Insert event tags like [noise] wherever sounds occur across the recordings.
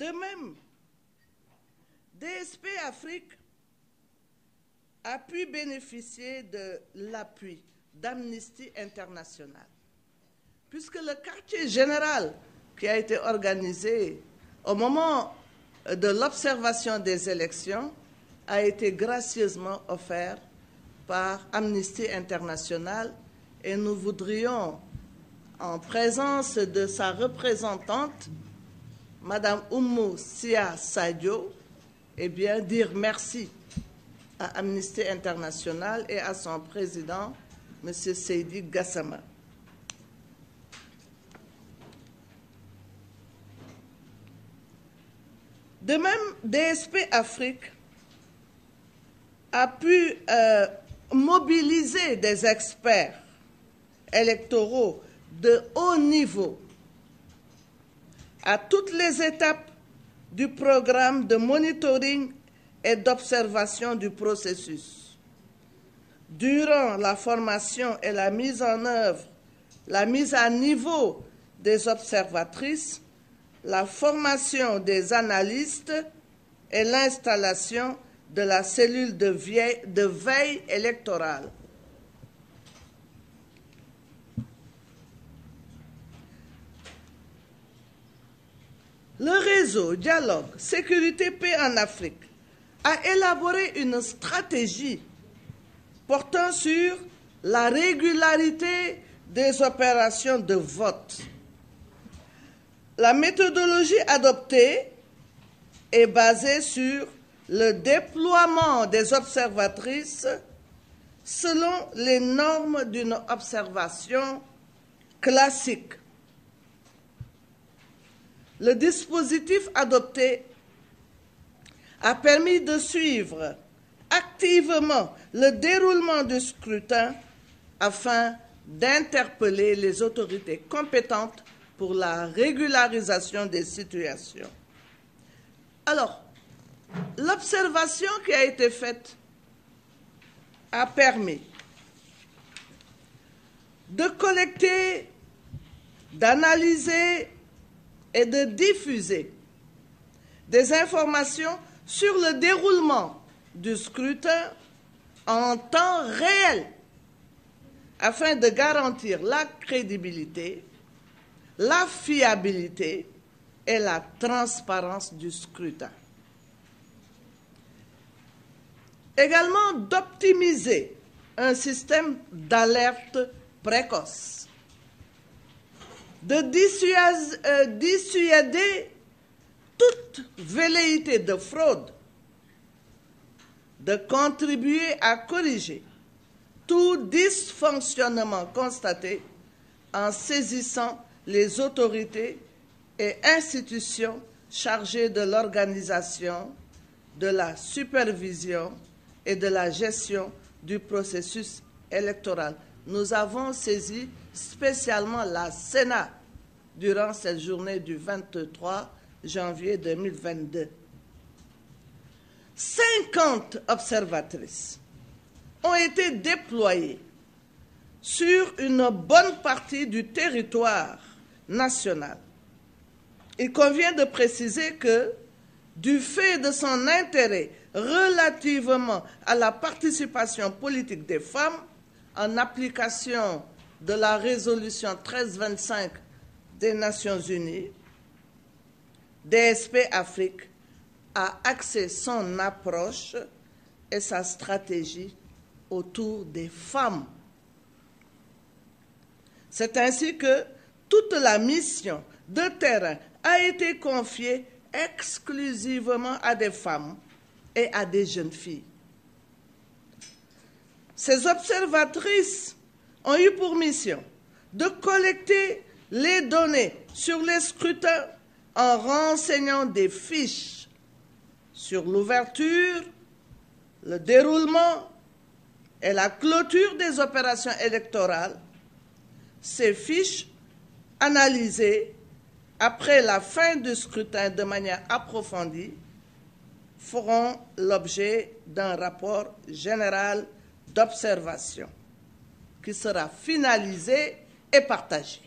De même, DSP Afrique a pu bénéficier de l'appui d'Amnesty International, puisque le quartier général qui a été organisé au moment de l'observation des élections a été gracieusement offert par Amnesty International et nous voudrions, en présence de sa représentante, Madame Oumou Sia Sadio, eh bien, dire merci à Amnesty International et à son président, M. Seydi Gassama. De même, DSP Afrique a pu euh, mobiliser des experts électoraux de haut niveau à toutes les étapes du programme de monitoring et d'observation du processus. Durant la formation et la mise en œuvre, la mise à niveau des observatrices, la formation des analystes et l'installation de la cellule de, veille électorale. le réseau Dialogue Sécurité Paix en Afrique a élaboré une stratégie portant sur la régularité des opérations de vote. La méthodologie adoptée est basée sur le déploiement des observatrices selon les normes d'une observation classique le dispositif adopté a permis de suivre activement le déroulement du scrutin afin d'interpeller les autorités compétentes pour la régularisation des situations. Alors, l'observation qui a été faite a permis de collecter, d'analyser et de diffuser des informations sur le déroulement du scrutin en temps réel afin de garantir la crédibilité, la fiabilité et la transparence du scrutin. Également d'optimiser un système d'alerte précoce de dissuas, euh, dissuader toute velléité de fraude, de contribuer à corriger tout dysfonctionnement constaté en saisissant les autorités et institutions chargées de l'organisation, de la supervision et de la gestion du processus électoral. nous avons saisi spécialement la Sénat durant cette journée du 23 janvier 2022. 50 observatrices ont été déployées sur une bonne partie du territoire national. Il convient de préciser que, du fait de son intérêt relativement à la participation politique des femmes, en application de la résolution 1325 des Nations Unies, DSP Afrique a axé son approche et sa stratégie autour des femmes. C'est ainsi que toute la mission de terrain a été confiée exclusivement à des femmes et à des jeunes filles. ces observatrices ont eu pour mission de collecter les données sur les scrutins en renseignant des fiches sur l'ouverture, le déroulement et la clôture des opérations électorales. Ces fiches analysées après la fin du scrutin de manière approfondie feront l'objet d'un rapport général d'observation qui sera finalisée et partagée.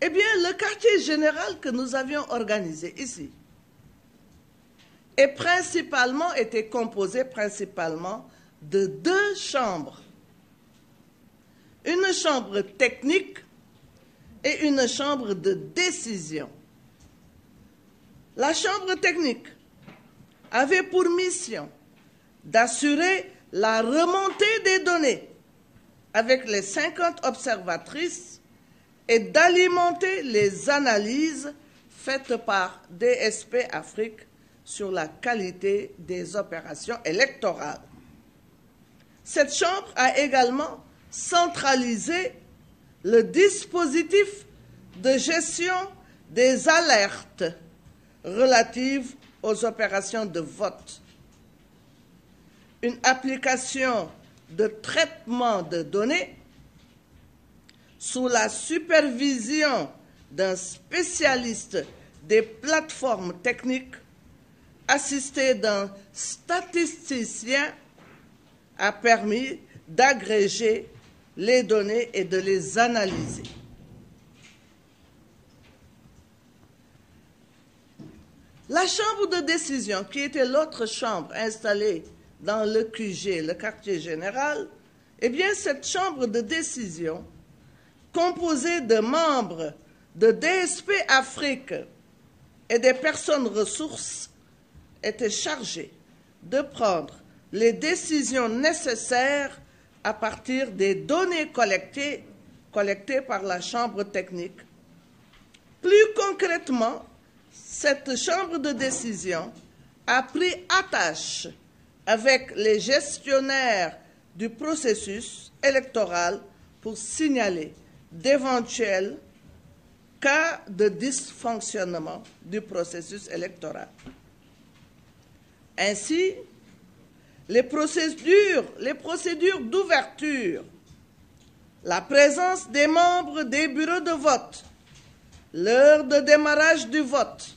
Eh bien, le quartier général que nous avions organisé ici est principalement, était composé principalement de deux chambres. Une chambre technique et une chambre de décision. La chambre technique avait pour mission d'assurer la remontée des données avec les 50 observatrices et d'alimenter les analyses faites par DSP Afrique sur la qualité des opérations électorales. Cette Chambre a également centralisé le dispositif de gestion des alertes relatives aux opérations de vote, une application de traitement de données sous la supervision d'un spécialiste des plateformes techniques assisté d'un statisticien a permis d'agréger les données et de les analyser. La chambre de décision, qui était l'autre chambre installée dans le QG, le quartier général, est eh bien, cette chambre de décision, composée de membres de DSP Afrique et des personnes ressources, était chargée de prendre les décisions nécessaires à partir des données collectées, collectées par la chambre technique. Plus concrètement, cette chambre de décision a pris attache avec les gestionnaires du processus électoral pour signaler d'éventuels cas de dysfonctionnement du processus électoral. Ainsi, les procédures, les procédures d'ouverture, la présence des membres des bureaux de vote l'heure de démarrage du vote,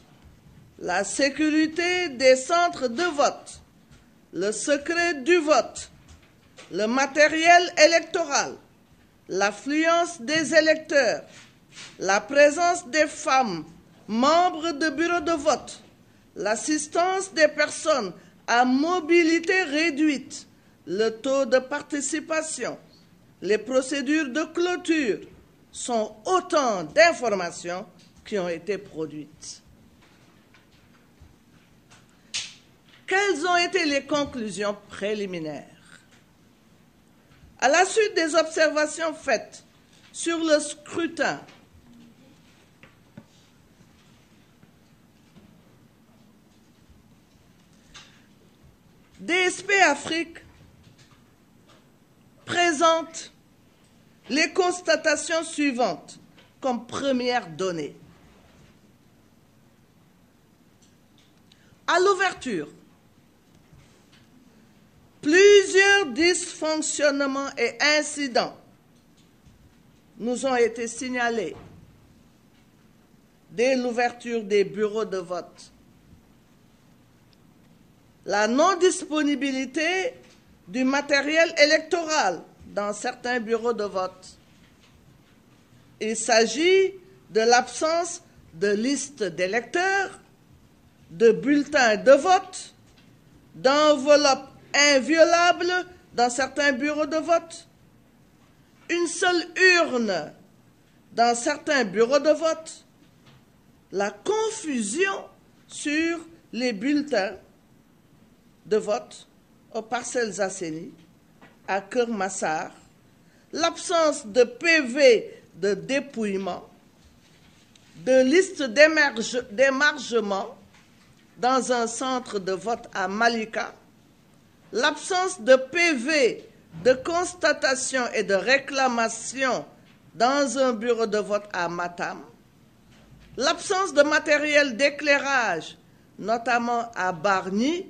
la sécurité des centres de vote, le secret du vote, le matériel électoral, l'affluence des électeurs, la présence des femmes membres de bureaux de vote, l'assistance des personnes à mobilité réduite, le taux de participation, les procédures de clôture, sont autant d'informations qui ont été produites. Quelles ont été les conclusions préliminaires À la suite des observations faites sur le scrutin, DSP Afrique présente les constatations suivantes comme première donnée. À l'ouverture, plusieurs dysfonctionnements et incidents nous ont été signalés dès l'ouverture des bureaux de vote. La non-disponibilité du matériel électoral dans certains bureaux de vote. Il s'agit de l'absence de listes d'électeurs, de bulletins de vote, d'enveloppes inviolables dans certains bureaux de vote, une seule urne dans certains bureaux de vote, la confusion sur les bulletins de vote aux parcelles assainies à Kermassar, l'absence de PV de dépouillement, de liste d'émargement dans un centre de vote à Malika, l'absence de PV de constatation et de réclamation dans un bureau de vote à Matam, l'absence de matériel d'éclairage, notamment à Barny,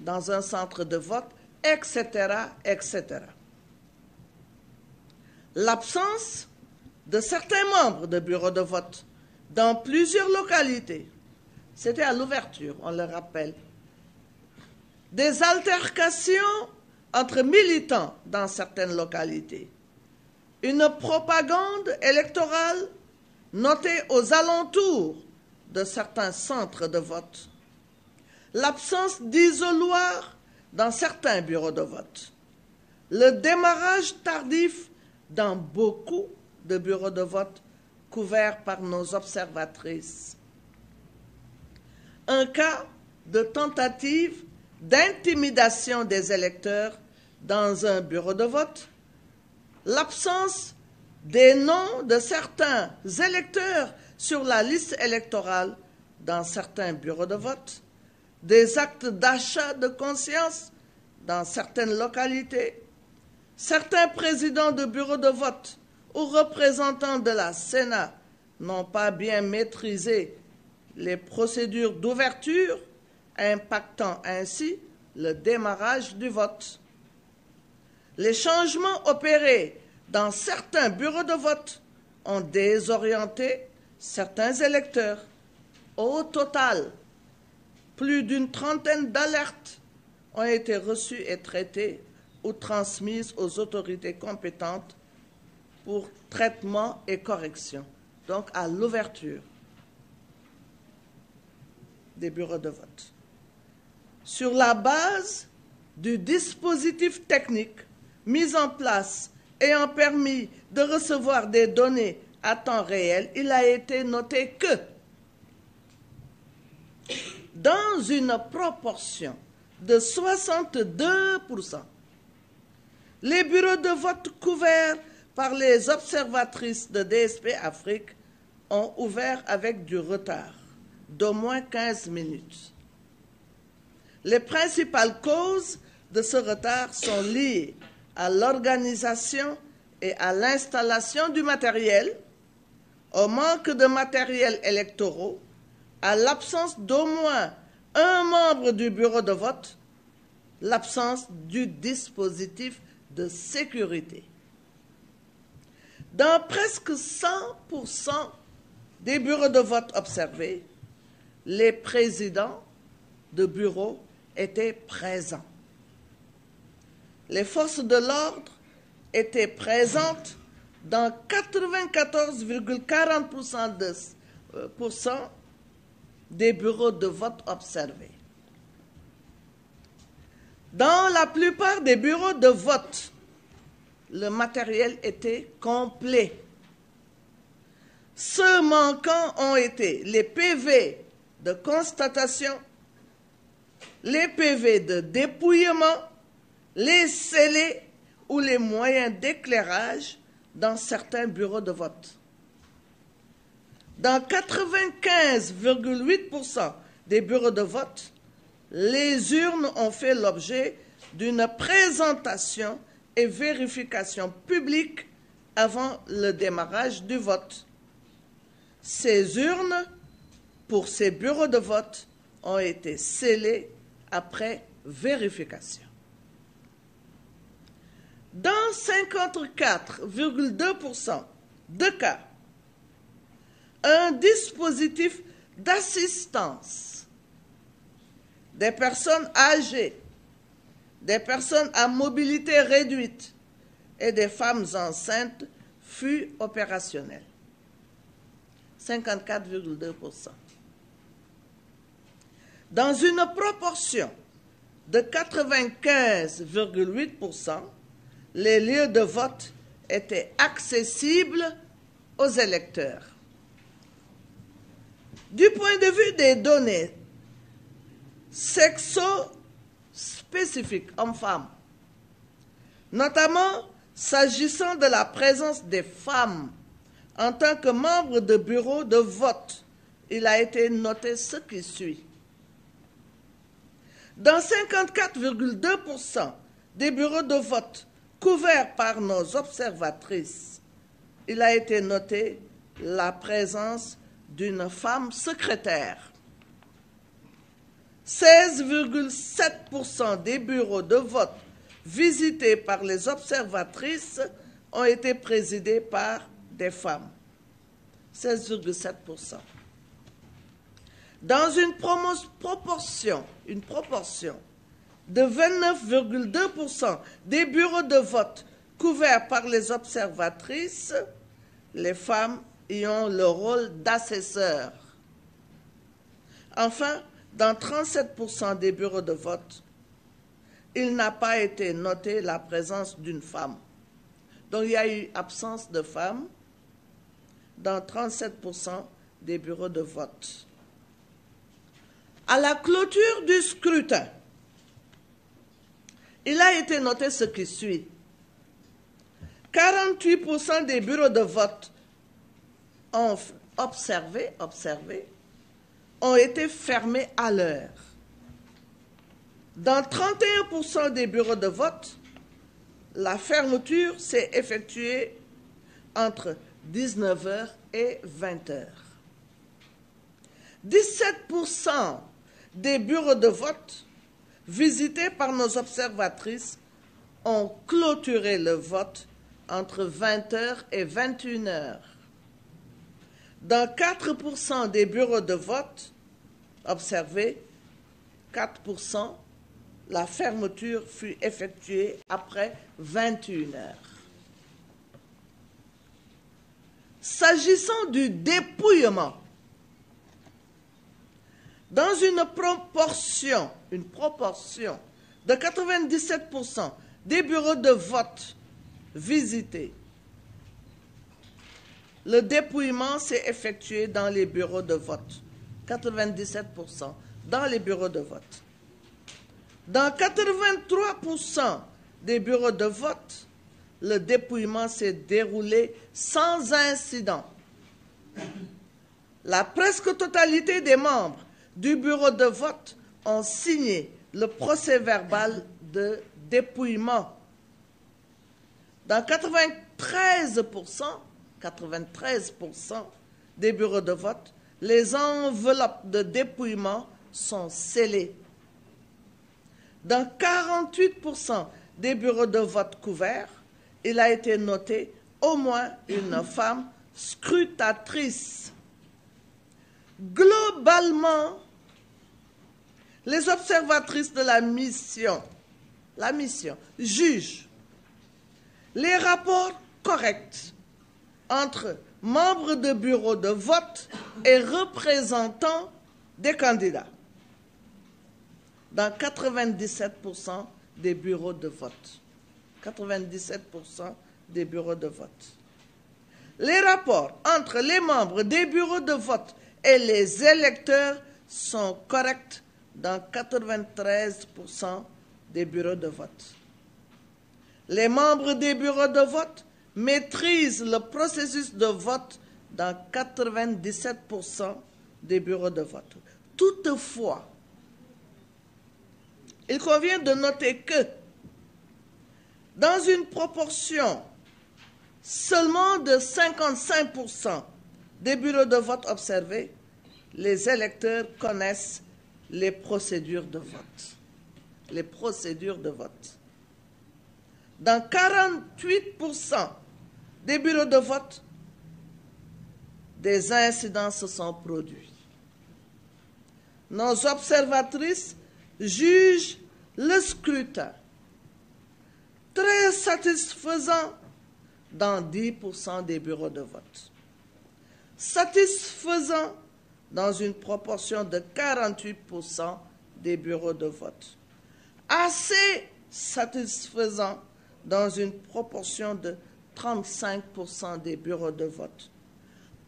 dans un centre de vote, etc., etc. L'absence de certains membres de bureaux de vote dans plusieurs localités, c'était à l'ouverture, on le rappelle, des altercations entre militants dans certaines localités, une propagande électorale notée aux alentours de certains centres de vote, l'absence d'isoloirs dans certains bureaux de vote, le démarrage tardif dans beaucoup de bureaux de vote couverts par nos observatrices. Un cas de tentative d'intimidation des électeurs dans un bureau de vote, l'absence des noms de certains électeurs sur la liste électorale dans certains bureaux de vote, des actes d'achat de conscience dans certaines localités. Certains présidents de bureaux de vote ou représentants de la Sénat n'ont pas bien maîtrisé les procédures d'ouverture, impactant ainsi le démarrage du vote. Les changements opérés dans certains bureaux de vote ont désorienté certains électeurs. Au total, Plus d'une trentaine d'alertes ont été reçues et traitées ou transmises aux autorités compétentes pour traitement et correction, donc à l'ouverture des bureaux de vote. Sur la base du dispositif technique mis en place ayant permis de recevoir des données à temps réel, il a été noté que dans une proportion de 62%. Les bureaux de vote couverts par les observatrices de DSP Afrique ont ouvert avec du retard d'au moins 15 minutes. Les principales causes de ce retard sont liées à l'organisation et à l'installation du matériel, au manque de matériel électoraux, à l'absence d'au moins un membre du bureau de vote, l'absence du dispositif de sécurité. Dans presque 100% des bureaux de vote observés, les présidents de bureaux étaient présents. Les forces de l'ordre étaient présentes dans 94,40% des bureaux de vote observés. Dans la plupart des bureaux de vote, le matériel était complet. Ceux manquants ont été les PV de constatation, les PV de dépouillement, les scellés ou les moyens d'éclairage dans certains bureaux de vote. Dans 95,8% des bureaux de vote, les urnes ont fait l'objet d'une présentation et vérification publique avant le démarrage du vote. Ces urnes pour ces bureaux de vote ont été scellées après vérification. Dans 54,2% de cas, un dispositif d'assistance des personnes âgées, des personnes à mobilité réduite et des femmes enceintes fut opérationnel. 54,2%. Dans une proportion de 95,8%, les lieux de vote étaient accessibles aux électeurs. Du point de vue des données sexo-spécifiques hommes-femmes, notamment s'agissant de la présence des femmes en tant que membres de bureau de vote, il a été noté ce qui suit. Dans 54,2% des bureaux de vote couverts par nos observatrices, il a été noté la présence d'une femme secrétaire. 16,7% des bureaux de vote visités par les observatrices ont été présidés par des femmes. 16,7%. Dans une proportion, une proportion de 29,2% des bureaux de vote couverts par les observatrices, les femmes et ont le rôle d'assesseurs. Enfin, dans 37% des bureaux de vote, il n'a pas été noté la présence d'une femme. Donc il y a eu absence de femmes dans des bureaux de vote. À la clôture du scrutin, il a été noté ce qui suit. 48% des bureaux de vote ont observé, observé, ont été fermés à l'heure. Dans 31% des bureaux de vote, la fermeture s'est effectuée entre 19h et 20h. 17% des bureaux de vote visités par nos observatrices ont clôturé le vote entre 20h et 21h. Dans 4% des bureaux de vote, observez, 4%, la fermeture fut effectuée après 21 heures. S'agissant du dépouillement, dans une proportion, une proportion de 97% des bureaux de vote visités, Le dépouillement s'est effectué dans les bureaux de vote, 97 dans les bureaux de vote. Dans 83 des bureaux de vote, le dépouillement s'est déroulé sans incident. La presque totalité des membres du bureau de vote ont signé le procès verbal de dépouillement. Dans 93 93% des bureaux de vote, les enveloppes de dépouillement sont scellées. Dans 48% des bureaux de vote couverts, il a été noté au moins une [laughs] femme scrutatrice. Globalement, les observatrices de la mission, la mission, jugent les rapports corrects entre membres de bureaux de vote et représentants des candidats dans 97% des bureaux de vote. 97% des bureaux de vote. Les rapports entre les membres des bureaux de vote et les électeurs sont corrects dans 93% des bureaux de vote. Les membres de vote maîtrise le processus de vote dans 97% des bureaux de vote. Toutefois, il convient de noter que dans une proportion seulement de 55% des bureaux de vote observés, les électeurs connaissent les procédures de vote. Les procédures de vote. Dans 48% des bureaux de vote, des incidents se sont produits. Nos observatrices jugent le scrutin très satisfaisant dans 10% des bureaux de vote. Satisfaisant dans une proportion de 48% des bureaux de vote. Assez satisfaisant dans une proportion de 35% des bureaux de vote.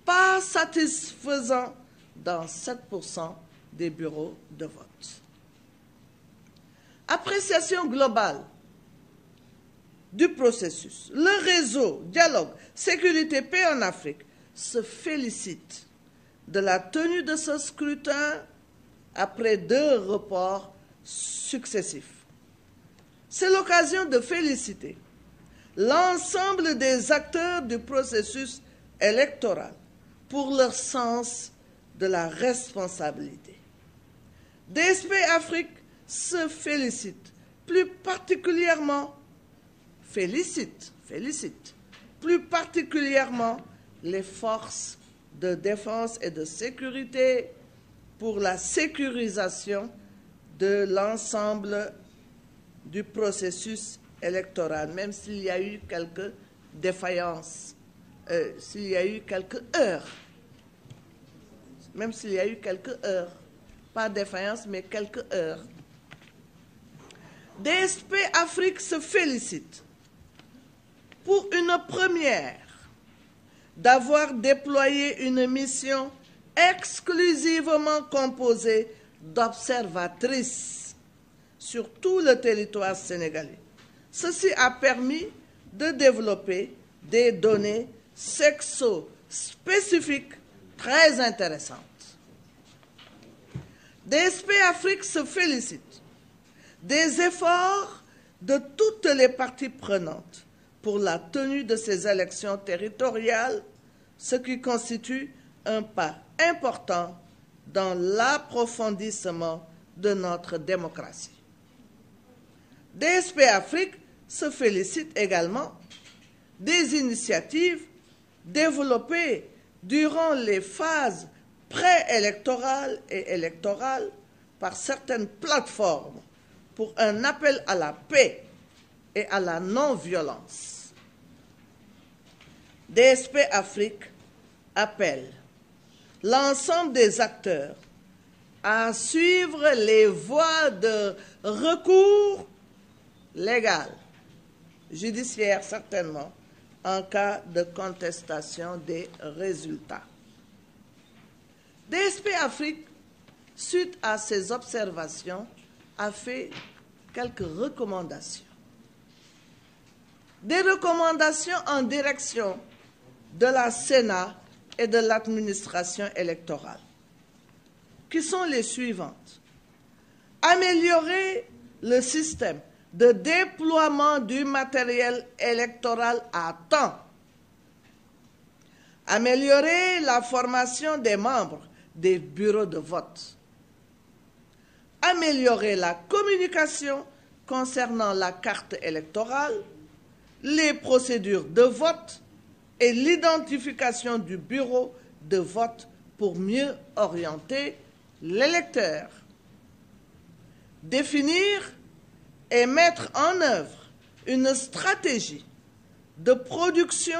Pas satisfaisant dans 7% des bureaux de vote. Appréciation globale du processus. Le réseau Dialogue Sécurité Paix en Afrique se félicite de la tenue de ce scrutin après deux reports successifs. C'est l'occasion de féliciter l'ensemble des acteurs du processus électoral pour leur sens de la responsabilité. DSP Afrique se félicite, plus particulièrement, félicite, félicite, plus particulièrement les forces de défense et de sécurité pour la sécurisation de l'ensemble du processus électorale, même s'il y a eu quelques défaillances, euh, s'il y a eu quelques heures, même s'il y a eu quelques heures, pas défaillance, mais quelques heures. DSP Afrique se félicite pour une première d'avoir déployé une mission exclusivement composée d'observatrices sur tout le territoire sénégalais Ceci a permis de développer des données sexo-spécifiques très intéressantes. DSP Afrique se félicite des efforts de toutes les parties prenantes pour la tenue de ces élections territoriales, ce qui constitue un pas important dans l'approfondissement de notre démocratie. DSP Afrique se félicite également des initiatives développées durant les phases préélectorales et électorales par certaines plateformes pour un appel à la paix et à la non-violence. DSP Afrique appelle l'ensemble des acteurs à suivre les voies de recours légal judiciaire certainement, en cas de contestation des résultats. DSP Afrique, suite à ces observations, a fait quelques recommandations. Des recommandations en direction de la Sénat et de l'administration électorale, qui sont les suivantes. Améliorer le système de déploiement du matériel électoral à temps. Améliorer la formation des membres des bureaux de vote. Améliorer la communication concernant la carte électorale, les procédures de vote et l'identification du bureau de vote pour mieux orienter l'électeur. Définir et mettre en œuvre une stratégie de production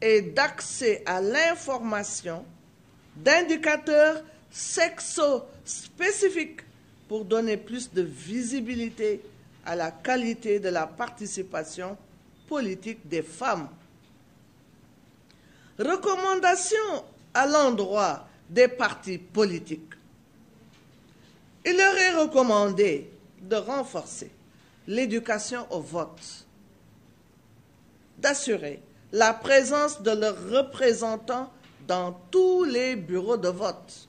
et d'accès à l'information d'indicateurs sexo-spécifiques pour donner plus de visibilité à la qualité de la participation politique des femmes. Recommandations à l'endroit des partis politiques. Il leur est recommandé de renforcer l'éducation au vote, d'assurer la présence de leurs représentants dans tous les bureaux de vote,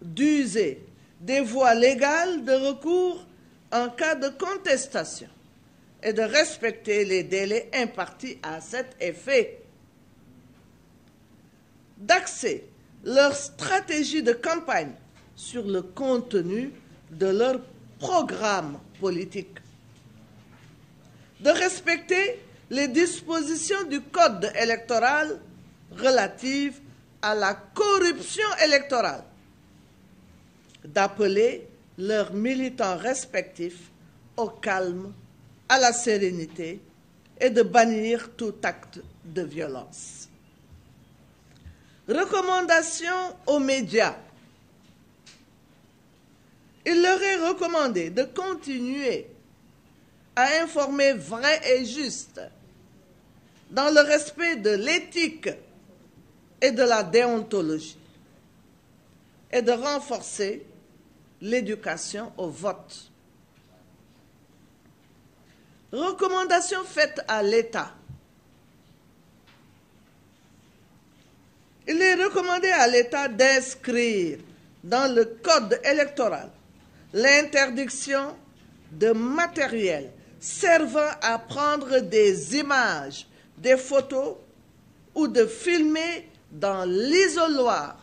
d'user des voies légales de recours en cas de contestation et de respecter les délais impartis à cet effet, d'axer leur stratégie de campagne sur le contenu de leur programme politique, de respecter les dispositions du Code électoral relatives à la corruption électorale, d'appeler leurs militants respectifs au calme, à la sérénité et de bannir tout acte de violence. Recommandation aux médias Il leur est recommandé de continuer à informer vrai et juste dans le respect de l'éthique et de la déontologie et de renforcer l'éducation au vote. Recommandation faite à l'État. Il est recommandé à l'État d'inscrire dans le code électoral l'interdiction de matériel servant à prendre des images, des photos ou de filmer dans l'isoloir,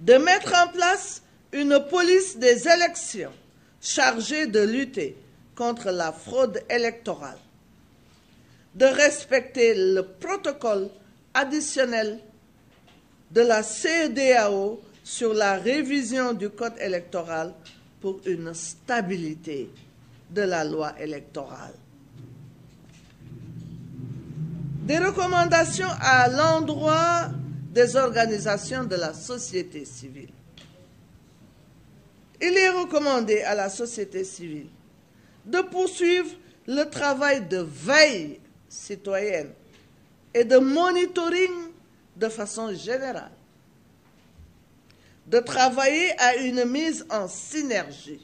de mettre en place une police des élections chargée de lutter contre la fraude électorale, de respecter le protocole additionnel de la CEDAO sur la révision du code électoral pour une stabilité de la loi électorale. Des recommandations à l'endroit des organisations de la société civile. Il est recommandé à la société civile de poursuivre le travail de veille citoyenne et de monitoring de façon générale de travailler à une mise en synergie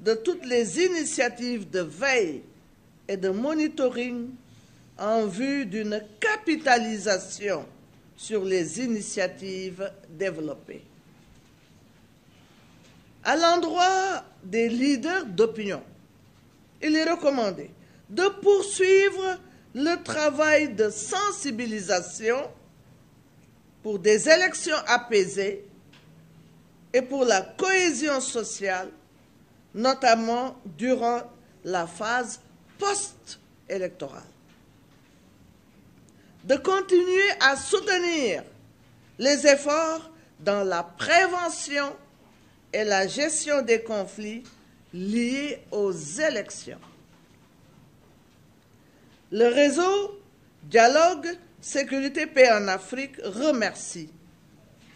de toutes les initiatives de veille et de monitoring en vue d'une capitalisation sur les initiatives développées. À l'endroit des leaders d'opinion, il est recommandé de poursuivre le travail de sensibilisation pour des élections apaisées et pour la cohésion sociale, notamment durant la phase post De continuer à soutenir les efforts dans la prévention et la gestion des conflits liés aux élections. Le réseau Dialogue Sécurité Paix en Afrique remercie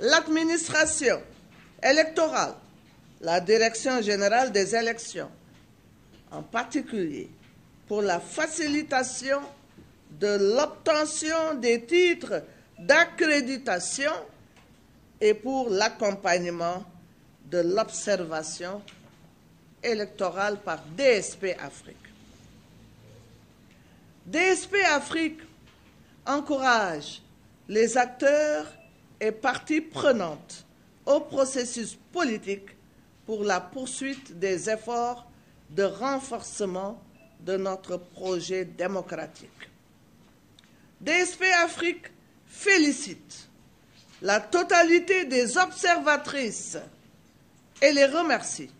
l'administration électorale, la Direction générale des élections, en particulier pour la facilitation de l'obtention des titres d'accréditation et pour l'accompagnement de l'observation électorale par DSP Afrique. DSP Afrique encourage les acteurs et parties prenantes au processus politique pour la poursuite des efforts de renforcement de notre projet démocratique. DSP Afrique félicite la totalité des observatrices et les remercie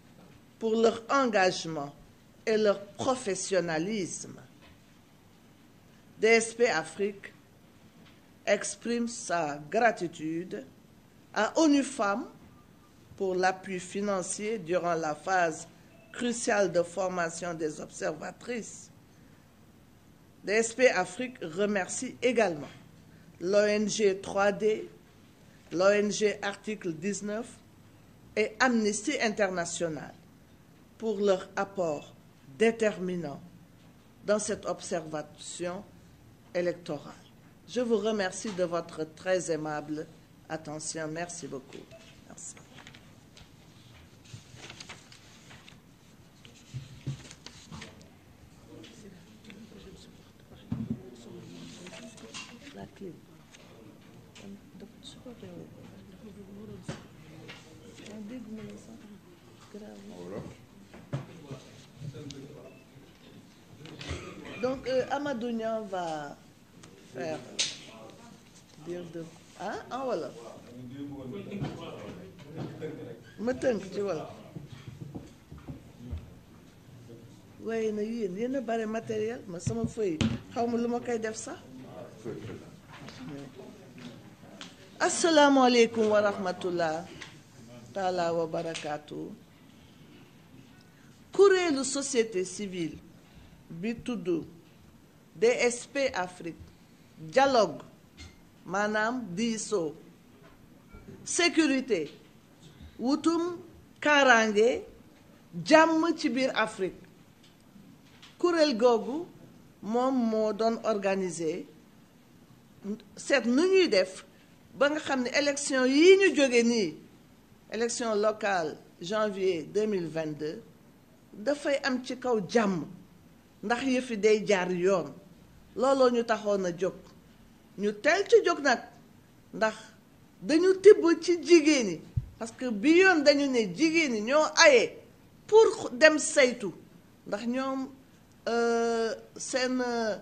pour leur engagement et leur professionnalisme. DSP Afrique exprime sa gratitude à ONU Femmes pour l'appui financier durant la phase cruciale de formation des observatrices. DSP Afrique remercie également l'ONG 3D, l'ONG Article 19 et Amnesty International pour leur apport déterminant dans cette observation électorale. Je vous remercie de votre très aimable attention. Merci beaucoup. Merci. Donc, euh, Amadou Nian va faire dire de ah en ah, wolof ma tënk ci wolof waaye na yéen yéen bare matériel ma sama feuille xaw ma lu ma koy def sax asalaamaaleykum wa rahmatullah taala wa barakaatu kuréelu société civile bi tudd DSP Afrique dialogue maanaam diisoo sécurité wutum kaaraange jàmm ci biir Afrique kuréel googu moom moo doon organiser seet nu ñuy def ba nga xam ne élection yii ñu jóge nii élection locale janvier 2022 dafay am ci kaw jàmm ndax yëfi day jaar yoon looloo ñu taxoon a jóg ñu teel ci jóg nag ndax dañu tibb ci jigéen ñi parce que bi yoon dañu ne jigéen ñi ñoo aye pour dem saytu ndax ñoom euh, seen euh,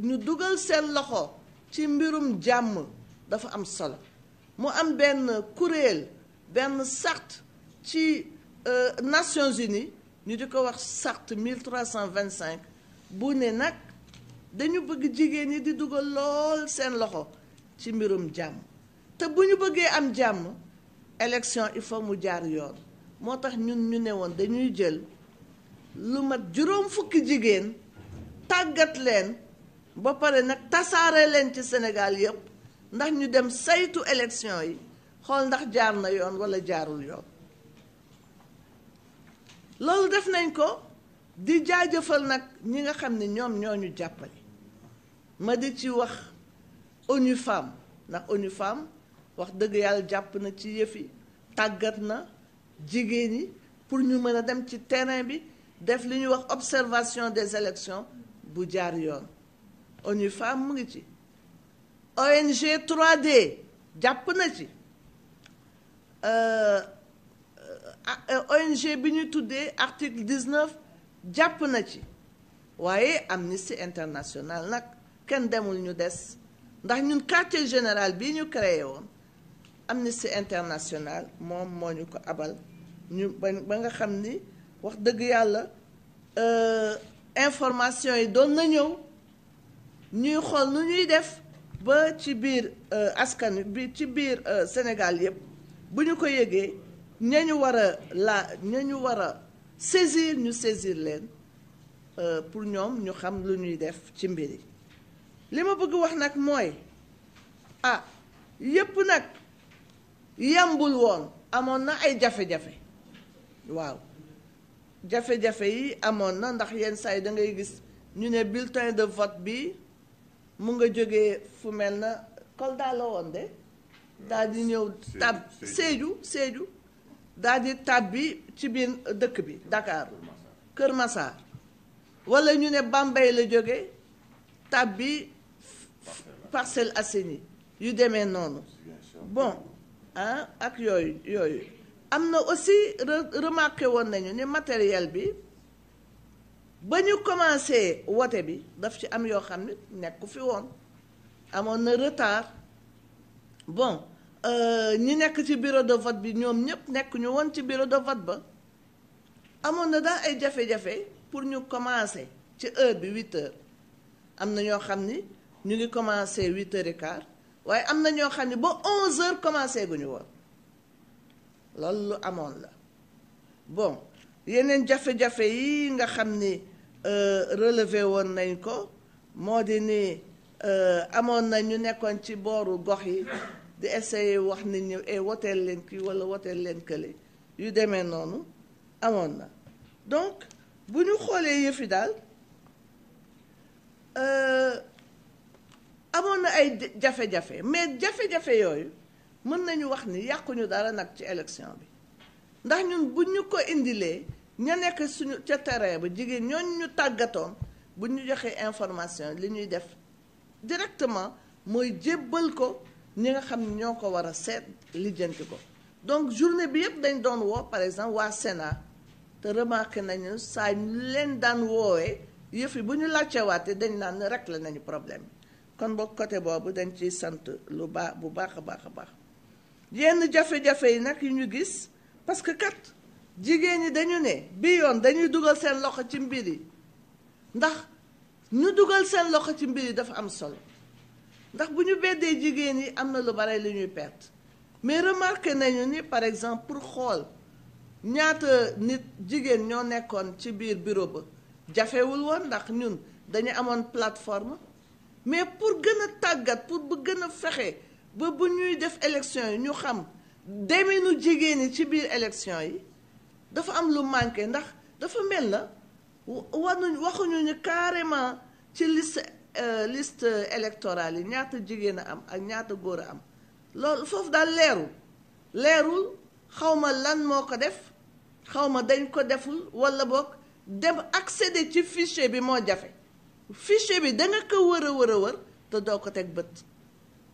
ñu dugal seen loxo ci mbirum jàmm dafa am solo mu am benn kuréel benn charte ci euh, Nations Unies ñu di ko wax charte 1325 bu ne nag dañu bëgg jigéen ñi di dugal lool seen loxo ci mbirum jàmm te bu ñu bëggee am jàmm élection il faut mu jaar yoon moo tax ñun ñu ne woon dañuy jël lu mat juróom fukki jigéen tàggat leen ba pare nag tasaare leen ci Sénégal yëpp ndax ñu dem saytu élection yi xool ndax jaar na yoon walla jaarul yoon loolu def nañ ko di jaajëfal nag ñi nga xam ne ñoom ñoo ñu jàppale ma di ci wax ONU Femmes ndax ONU Femmes wax dëgg yàlla jàpp na ci yëfi tàggat na jigéen ñi pour ñu mën a dem ci terrain bi def li ñuy wax observation des élections bu jaar yoon ONU Femmes mu ngi ci ONG 3D jàpp na ci euh, euh, ONG bi ñu tuddee article 19 jàpp na ci waaye Amnesty International nag kenn demul ñu des ndax ñun quartier général bii ñu créé woon Amnesty International moom moo ñu ko abal ñu ba nga xam ni wax dëgg yàlla euh, information yi doon na ñëw ñuy xool nu ñuy def ba ci biir euh, askan bi ci biir euh, Sénégal yëpp bu ñu ko yëgee ña ñu war a laa ña ñu war a saisir ñu saisir leen pour ñoom ñu xam lu ñuy def ci mbir yi li ma bëgg wax nag mooy ah yépp nag yambul woon amoon na ay jafe-jafe waaw jafe-jafe yi amoon na ndax yenn saa yi da gis ñu ne bulletin de vote bi mu nga jógee fu mel na Kolda la woon de daal ñëw tab Sédhiou Sédhiou daal di tab bi ci biir dëkk bi Dakar Kër Massar wala ñu ne Bambey la jóge tab bi Parcelles Assainies yu demee noonu bon ah ak yooyu yooyu am na aussi remarqué woon nañu ni matériel bi ba ñu commencé wote bi daf ci am yoo xam ne nekku fi woon amoon na retard bon euh, ñi nekk ci bureau de vote bi ñoom ñëpp nekk ñu woon ci bureau de vote ba amoon na daal ay jafe-jafe pour ñu commencer ci heure bi huit heures am na ñoo xam ni ñu ngi commencé huit heures waaye am na ñoo xam ne ba onze heures commencé guñu woon loolu lu amoon la bon yeneen jafe-jafe yi nga xam ni euh, relevé woon nañ ko moo di ni euh, amoon na ñu nekkoon ci booru gox yi di essayer wax nit ñi e woteel leen kii wala woteel leen kële yu demee noonu amoon na donc bu ñu xoolee yëfi daal euh, amoon na ay jafe-jafe mais jafe-jafe yooyu mën nañu wax ni yàquñu dara nag ci élection bi ndax ñun bu ñu ko indilee ña nekk suñu ca terrain ba jigéen ñooñu ñu tàggatoon bu ñu joxee information li ñuy def directement mooy jébbal ko ñi nga xam ñoo ko war a seet lijjanti ko donc journée bi yëpp dañ doon woo par exemple waa Sénat te remarqué nañu saa leen daan woowee yëf yi bu ñu laajteewaatee dañ naan rek la nañu problème bi kon ba côté boobu dañ ciy sant lu baax bu baax a baax baax yenn jafe-jafe yi nag yu ñu gis parce que kat jigéen ñi dañu ne bi yoon dañuy dugal seen loxo ci mbir yi ndax ñu dugal seen loxo ci mbir yi dafa am solo ndax bu ñu beddee jigéen yi am na lu bare lu ñuy perte mais remarqué nañu ni par exemple pour xool ñaata nit jigéen ñoo nekkoon ci biir bureau ba jafewul woon ndax ñun dañu amoon plateforme mais pour gën a tàggat pour ba gën a fexee ba bu ñuy def élection yi ñu xam deminu jigéen ñi ci biir élection yi dafa am lu manqué ndax dafa mel na war nañu waxuñu ñu carrément ci liste euh, list électorale yi ñaata jigéen a am ak ñaata góor a am loolu foofu daal leeru leerul xawma lan moo ko def xawma dañ ko deful walla boog dem accéder ci fichier bi moo jafe fichier bi da nga ko wër a wër a te doo ko teg bët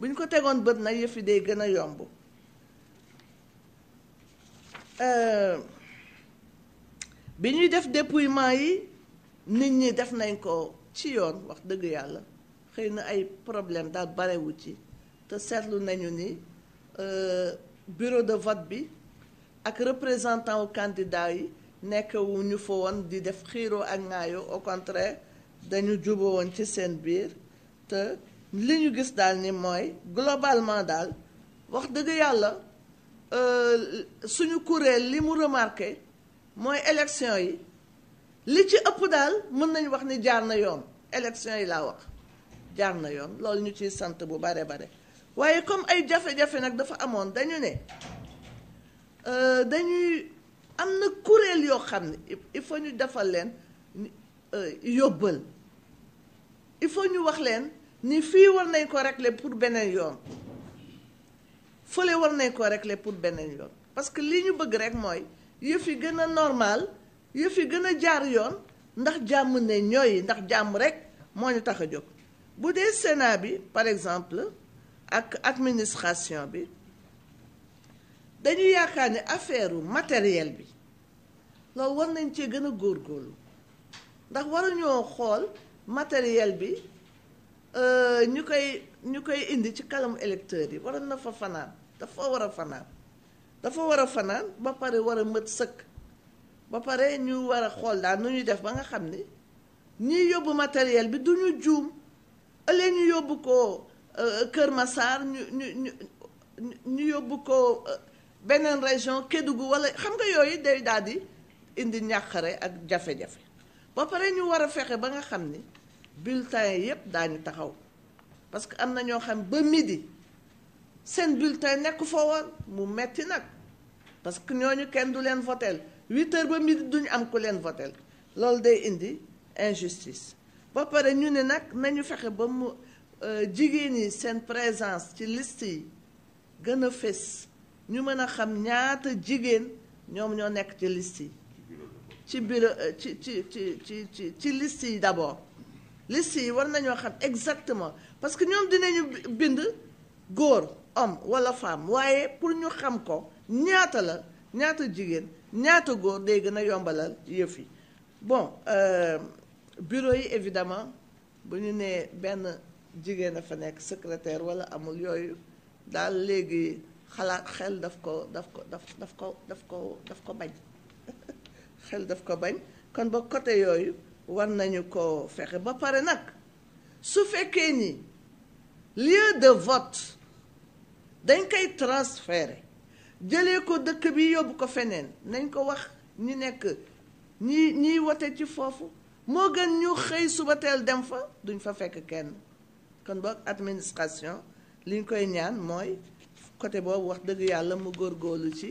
buñ ko tegoon bët nag yëf yi day gën a yomb euh, bi ñuy def dépouillement yi nit ñi def nañ ko ci yoon wax dëgg yàlla xëy na ay problème daal barewu ci te seetlu nañu ni euh, bureau de vote bi ak représentant wu yi nekk wu ñu fa woon di def xiiroo ak ŋaayoo au contraire dañu juboo woon ci seen biir te li ñu gis daal ni mooy globalement daal wax dëgg yàlla euh, suñu kuréel li mu remarqué mooy élection yi li ci ëpp daal mën nañu wax ni jaar na yoon élection yi laa wax jaar na yoon loolu ñu ciy sant bu bare bare waaye comme ay jafe-jafe nag dafa amoon dañu ne euh, dañuy am na kuréel yoo xam ne il faut ñu defal leen euh, yóbbal il faut ñu wax leen ni fii war nañ ko régler pour beneen yoon fële war nañ ko régler pour beneen yoon parce que li ñu bëgg rek mooy yëf fi gën a normal yëf fi gën a jaar yoon ndax jàmm ne ñooy ndax jàmm rek moo ñu tax a jóg bu dee senaa bi par exemple ak administration bi dañu yaakaar ni affaire matériel bi loolu war nañ cee gën a góor góorgóorlu ndax waruñoo xool matériel bi euh, ñu koy ñu koy indi ci kanamu électeurs yi waroon na fa fanaan dafa war a fanaan dafa war a fanaan ba pare war a mët sëkk ba pare ñu war a xool daal nu ñuy def ba nga xam ni ñiy yóbbu matériel bi du ñu juum ëllëg ñu yóbbu ko euh, Kër Massar ñu ñu ñu ñu yóbbu ko euh, beneen région Kédougou wala xam nga yooyu day daal di indi ñàqare ak jafe-jafe. ba pare ñu war a fexe ba nga xam ni bulletin yépp daañu taxaw parce que am na ñoo xam ba midi seen bulletin nekk foo woon mu metti nag parce que ñooñu kenn du leen votel huit ba midi duñu am ku leen votel loolu day indi injustice ba pare ñu ne nag nañu fexe ba mu euh, jigéen yi seen présence ci liste yi gën a fés ñu mën a xam ñaata jigéen ñoom ñoo nekk ci liste yi ci bureau euh, ci ci ci ci ci ci liste yi d'abord liste yi war nañoo xam exactement parce que ñoom dinañu bind góor homme walla femme waaye pour ñu xam ko ñaata la ñaata jigéen ñaata góor day gën a yombalal yëf yi bon euh, bureau yi évidemment bu ñu nee benn jigéen a fa nekk secrétaire walla amul yooyu daal léegi xalaat xel daf ko daf ko daf daf ko daf ko daf ko bañ xel daf ko bañ kon ba côté yooyu war nañu ko fexe ba pare nag su fekkee ni lieu de vote dañ koy transférer jëlee ko dëkk bi yóbbu ko feneen nañ ko wax ñi nekk ñi ñiy wote ci foofu moo gën ñu xëy suba teel dem fa duñ fa fekk kenn kon boog administration li ñu koy ñaan mooy côté boobu wax dëgg yàlla mu góorgóorlu ci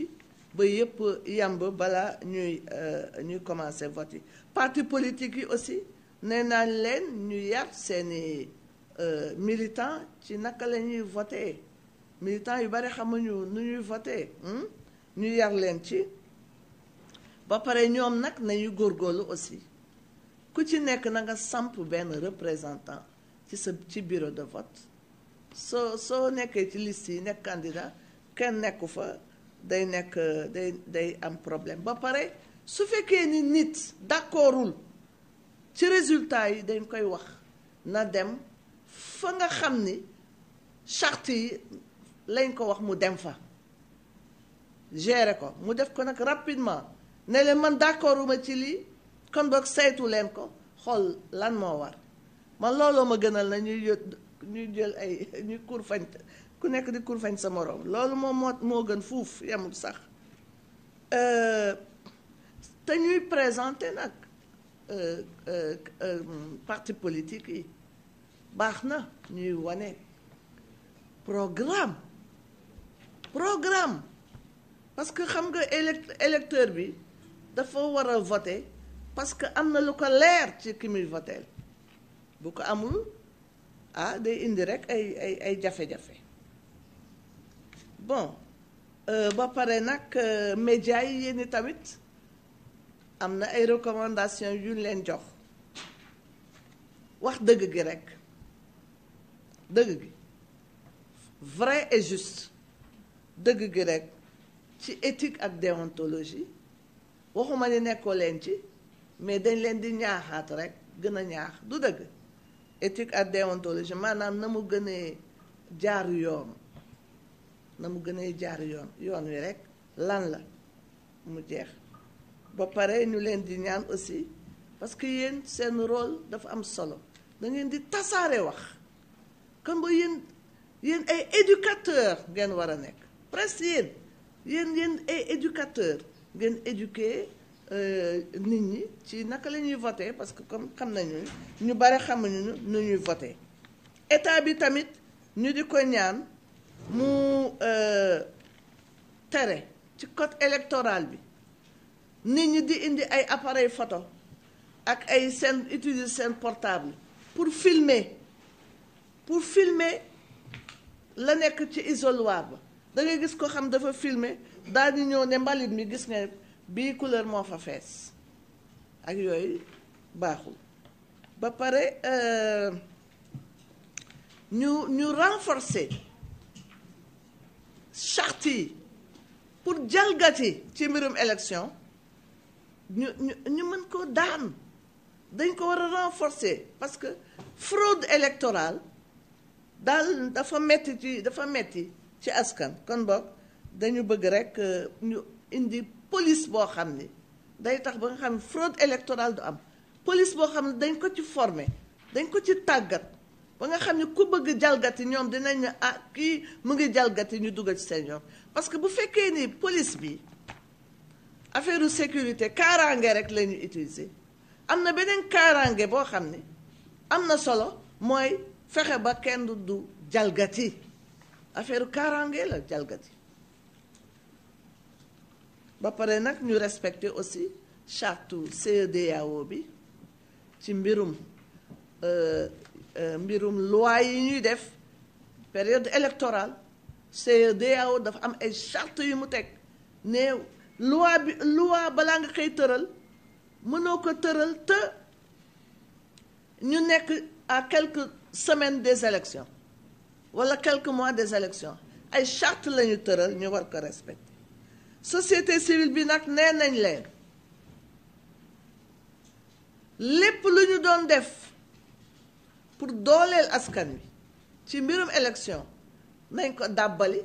ba yëpp yemb balaa ñuy euh, ñuy commencer vote yi parti politique yi aussi ne naa leen ñu yar seeni euh, militants ci naka la ñuy voter militants yu bari xamuñu nu ñuy vote hmm? ñu yar leen ci ba pare ñoom nag nañu góorgóorlu aussi ku ci nekk na nga samp benn représentant ci sa ci bureau de vote soo soo nekkee ci liste yi nekk candidat kenn nekku fa day nekk day day am problème ba pare su fekkee ni nit d'accordul ci résultat yi dañ koy wax na dem fa nga xam ni charte yi lañ ko wax mu dem fa gere ko mu def ko nag rapidement ne leen man d'accorduma ci lii kon boog saytu leen ko xool lan moo war man looloo ma gënal na ñuy ñuy jël ay ñuy kur fañ ku nekk di kurfañ sa moroom loolu moom moo moo gën fuuf yemul sax euh, te ñuy présenter nag euh, euh, parti politique yi baax na ñuy wane programme programme parce que xam nga élect électeur bi dafa war a voter parce que am na lu ko leer ci ki muy voter bu ko amul ah day indi rek ay ay ay jafe-jafe bon euh, ba pare nag euh, média yi yéen i tamit am na ay recommandation yu leen jox wax dëgg gi rekk dëgg gi vrai et juste dëgg gi rek ci éthique ak déontologie waxuma ni nekkoo leen ci mais dañ leen di ñaaxaat rek gën a ñaax du dëgg éthique ak déontologie maanaam na mu gënee jaar yoon na mu gën a jaar yoon yoon wi rek lan la mu jeex ba pare ñu leen di ñaan aussi parce que yéen seen rôle dafa am solo da ngeen di tasaare wax comme ba yéen yéen ay éducateur ngeen war a nekk presque yéen yéen yéen ay éducateur ngeen éduquer euh, nit ñi ci naka la ñuy voter parce que comme xam nañu ñu bare xamuñu nu ñuy voter état bi tamit ñu di ko ñaan mu e, tere ci code électoral bi nit ñi di indi ay appareil photo ak ay seen utiliser seen portable pour filmer pour filme la nekk ci isoloir ba da ngay gis ko xam dafa filmer daal di ñëw ne mbalit mi gis nga bi couleur moo fa fees ak yooyu baaxul ba pare e, ñu ñu renforcer charte yi pour jalgati ci mbirum élection ñu ñu ñu mën ko daan dañ ko war a renforcer parce que fraude électoral daal dafa metti ci dafa metti ci askan kon boog dañu bëgg rek euh, ñu indi police boo xam ni day tax ba nga xam ne fraude électorale du am police boo xam ne dañ ko ci former dañ ko ci tàggat ba nga xam ne ku bëgg jalgati ñoom dinañ ne ah kii mu ngi jalgati ñu dugal ci seen yoon parce que bu fekkee ni police bi affaire sécurité kaaraange rek la ñu utiliser am na beneen kaaraange boo xam ne am na solo mooy fexe ba kenn du jalgati affaire kaaraange la jalgati ba pare nag ñu respecter aussi charte CEDEAO bi ci mbirum. Euh, Euh, mbirum loi yi ñuy def période électoral électorale CEDEAO dafa am ay charte yu mu teg neew loi bi loi balaa nga koy tëral mënoo ko tëral te ñu nekk à quelques semaines des élections wala quelques mois des élections ay charte lañu tëral ñu war ko respecter société civile bi nag nee nañ leen lépp lu ñu doon def pour dooleel askan wi ci mbirum élection nañ ko dàbbali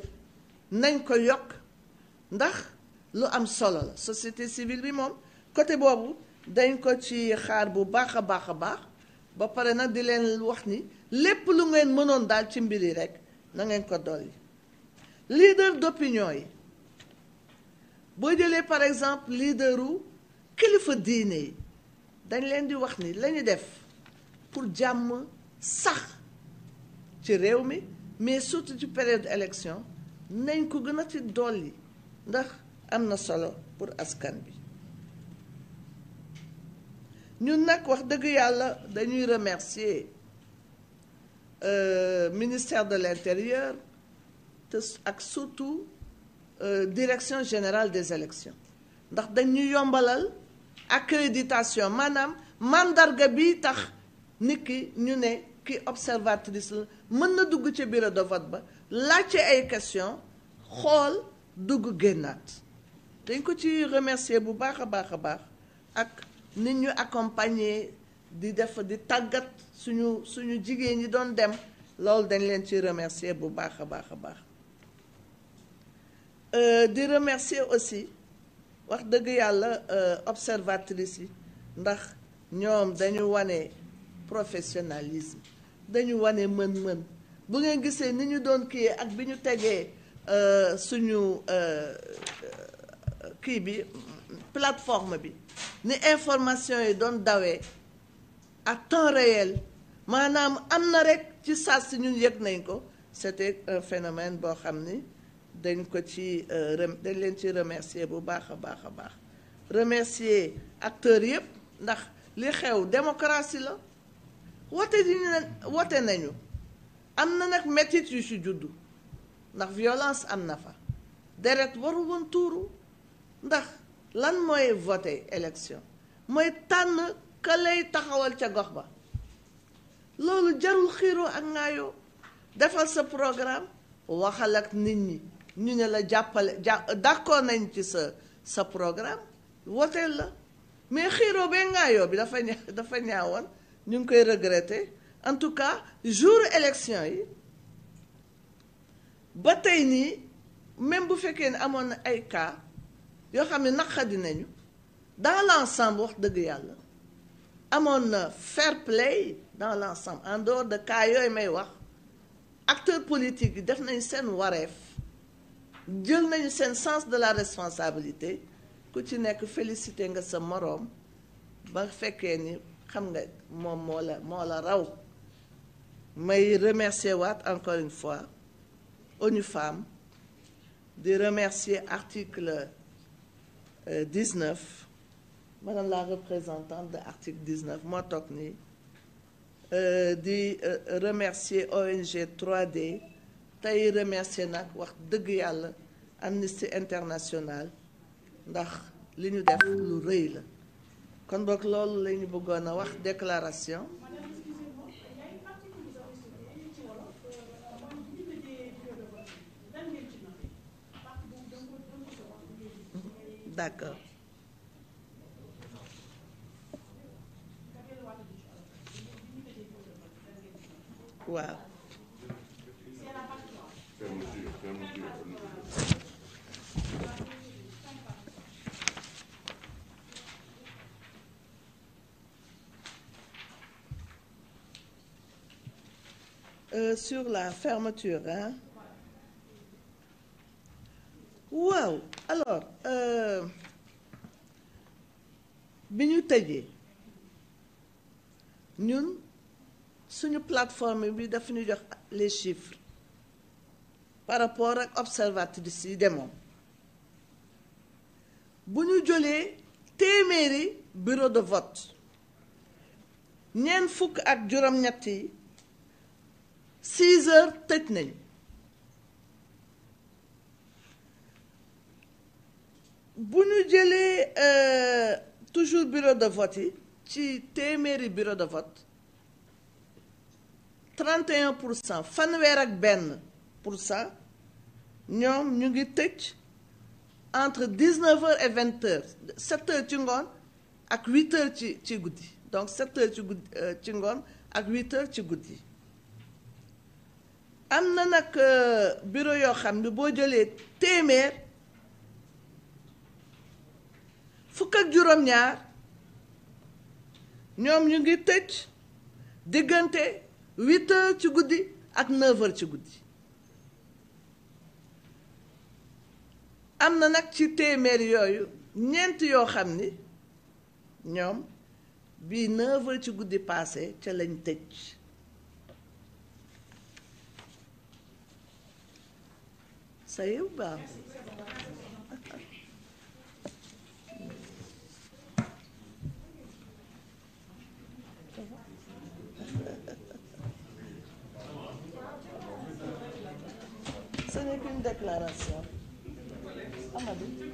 nañ ko yokk ndax lu am solo la société civile bi moom côté boobu dañ ko ci xaar bu baax a baax a baax ba pare nag di leen wax ni lépp lu ngeen mënoon daal ci mbir yi rek na ngeen ko dolli leader d'opinion yi boo jëlee par exemple leaderu kilifa diine yi dañ leen di wax ni lañu def pour jàmm sax ci réew mi mais surtout ci période élection nañ ko gën a ci dolli ndax am na solo pour askan bi ñu nag wax dëgg yàlla dañuy remercier euh, ministère de l'intérieur te ak surtout euh, direction générale des élections ndax dañu yombalal accréditation maanaam màndarga bi tax nit ki ñu ne ki observatrice la mën na dugg ci bureau de vote ba laajte ay question xool dugg génnaat dañ ko ci remercier bu baax a baax a baax ak nit ñu accompagner di def di tàggat suñu suñu jigéen ñi doon dem loolu dañ leen ci remercier bu baax a baax a baax euh, di remercier aussi wax dëgg yàlla euh, observatrice yi ndax ñoom dañu wane professionnalisme dañu wane mën-mën bu ngeen gisee ni ñu doon kii ak bi ñu tegee euh, suñu euh, kii bi plateforme bi ni information yi doon dawee ak temps réel maanaam am na rek ci saa si ñun yëg nañ ko c'était un phénomène boo xam ni dañ ko ci euh, dañ leen ci remercier bu baax a baax a baax remercier acteurs yëpp ndax li xew démocratie la woote woote nañu am na nag mettit yu si juddu ndax violence am na fa deret waru woon tuuru ndax lan mooy voter élection mooy tànn ka lay taxawal ca gox ba loolu jarul xiiroo ak ngaayoo defal sa programme waxal ak nit ñi ñu ne la jàppale jà d'accord nañ ci sa sa programme woteel la mais xiiroo bee ngaayoo bi dafa ña dafa ñaawoon ñu ngi koy regretter en tout cas jour élection yi ba tey nii même bu fekkee ne amoon na ay cas yoo xam ne naqadi nañu dans l'ensemble wax dëgg yàlla amoon na fair play dans l'ensemble en dehors de cas yooyu may wax acteurs politique yi def nañu seen wareef jël nañu seen sens de la responsabilité ku ci nekk félicité nga sa moroom ba fekkee nii xam nga moom moo la raw may remercier waat encore une fois ONU Femmes di remercier article euh, dix-neuf madame la représentante de article dix-neuf moo toog nii euh, di euh, remercier ONG 3D tey remercier nag wax dëgg yàlla Amnesty International ndax li ñu def lu rëy la kon boog loolu la ñu bëggoon a wax déclaration d'accord waaw euh, sur la fermeture hein waaw alors euh, bi ñu tëjee ñun suñu platforme bi daf ñu jox les chiffres par rapport ak observatrices yi demoon bu ñu jëlee téeméeri bureau de vote ñeent fukk ak juróom-ñett yi six heures tëj nañ bu ñu jëlee euh, toujours bureau de vote yi ci téeméeri bureau de vote 31 pour cent fanweer ak benn pour cent ñoom ñu ngi tëj entre 19 heures et 20 heures 7 ci ngoon ak 8 heures ci ci guddi donc 7 heures ci guddi euh, ci ngoon ak huit heures ci guddi. am na nag euh, bureau yoo xam ne boo jëlee téeméer fukk ak juróom-ñaar ñoom ñu ngi tëj diggante huit ci guddi ak neuf ci guddi am na nag ci téeméer yooyu ñeent yoo xam ni ñoom bi neuf ci guddi paase ca lañ tëj Saiu bom. Ce n'est qu'une déclaration. Amadou.